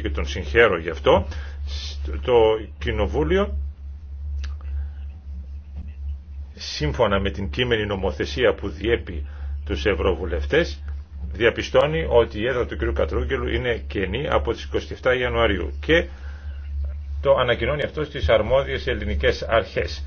και τον συγχαίρω γι' αυτό, το Κοινοβούλιο σύμφωνα με την κείμενη νομοθεσία που διέπει τους Ευρωβουλευτές διαπιστώνει ότι η έδρα του κ. Κατρούγκελου είναι κενή από τις 27 Ιανουαρίου και το ανακοινώνει αυτό στις αρμόδιες ελληνικές αρχές.